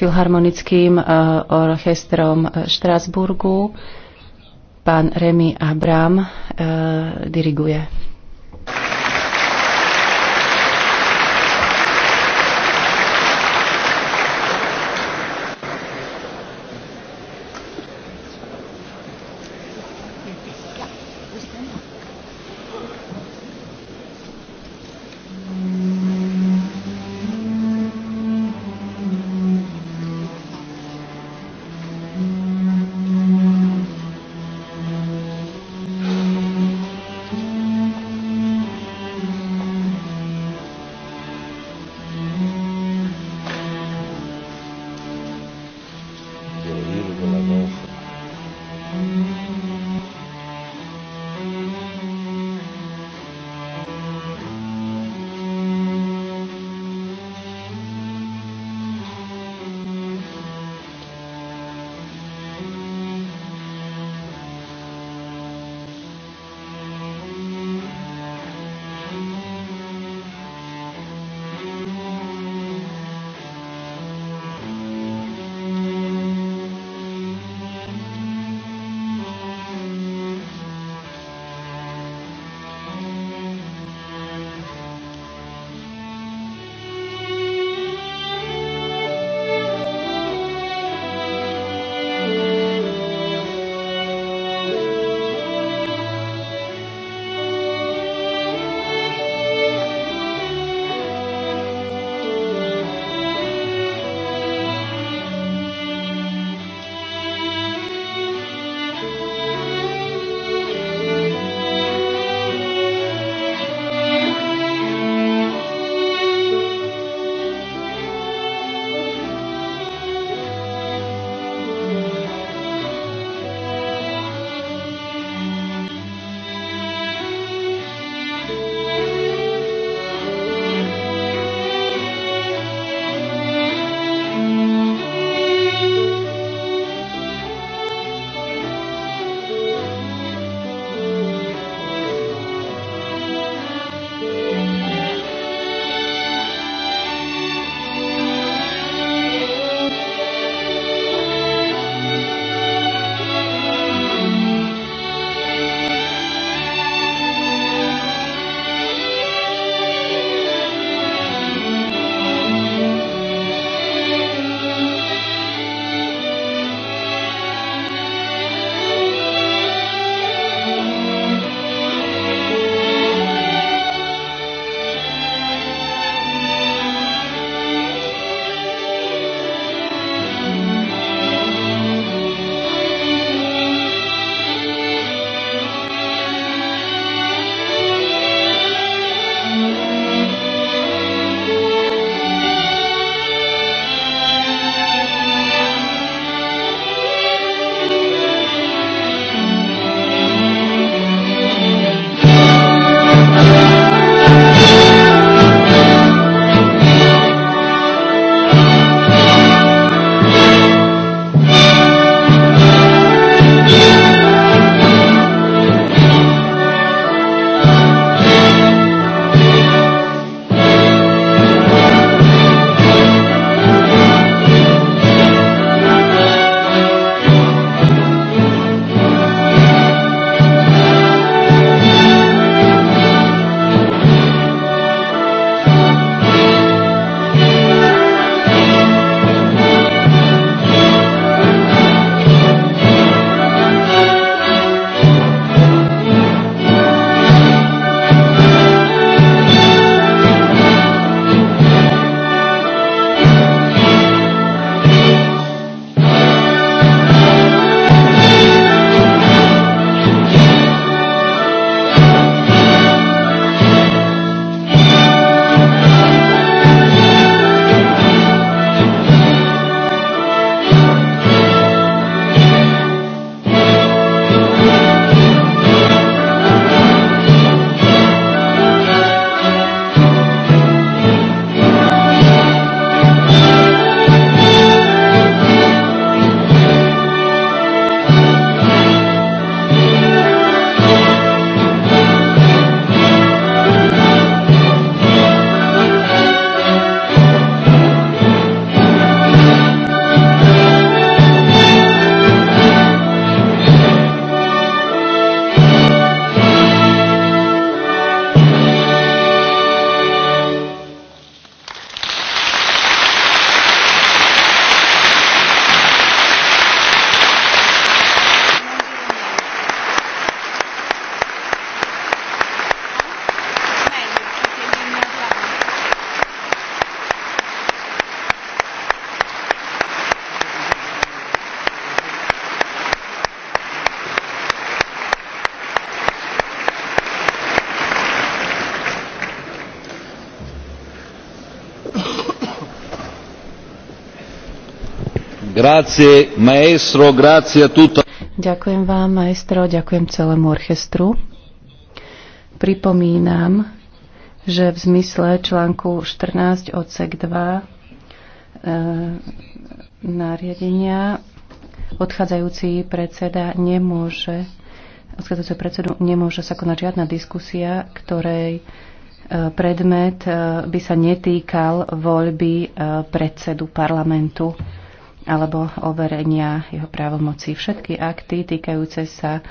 filharmonickým e, orchestrom e, Štrasburgu. Pán Remy Abram e, diriguje. Grazie, maestro, grazie a tutto. Ďakujem vám, maestro, ďakujem celému orchestru. Pripomínam, že v zmysle článku 14 odsek 2 e, nariadenia odchádzajúci predseda nemôže odchádzajúceho predsedu nemôže sa konať žiadna diskusia, ktorej e, predmet e, by sa netýkal voľby e, predsedu parlamentu alebo overenia jeho právomocí. Všetky akty týkajúce sa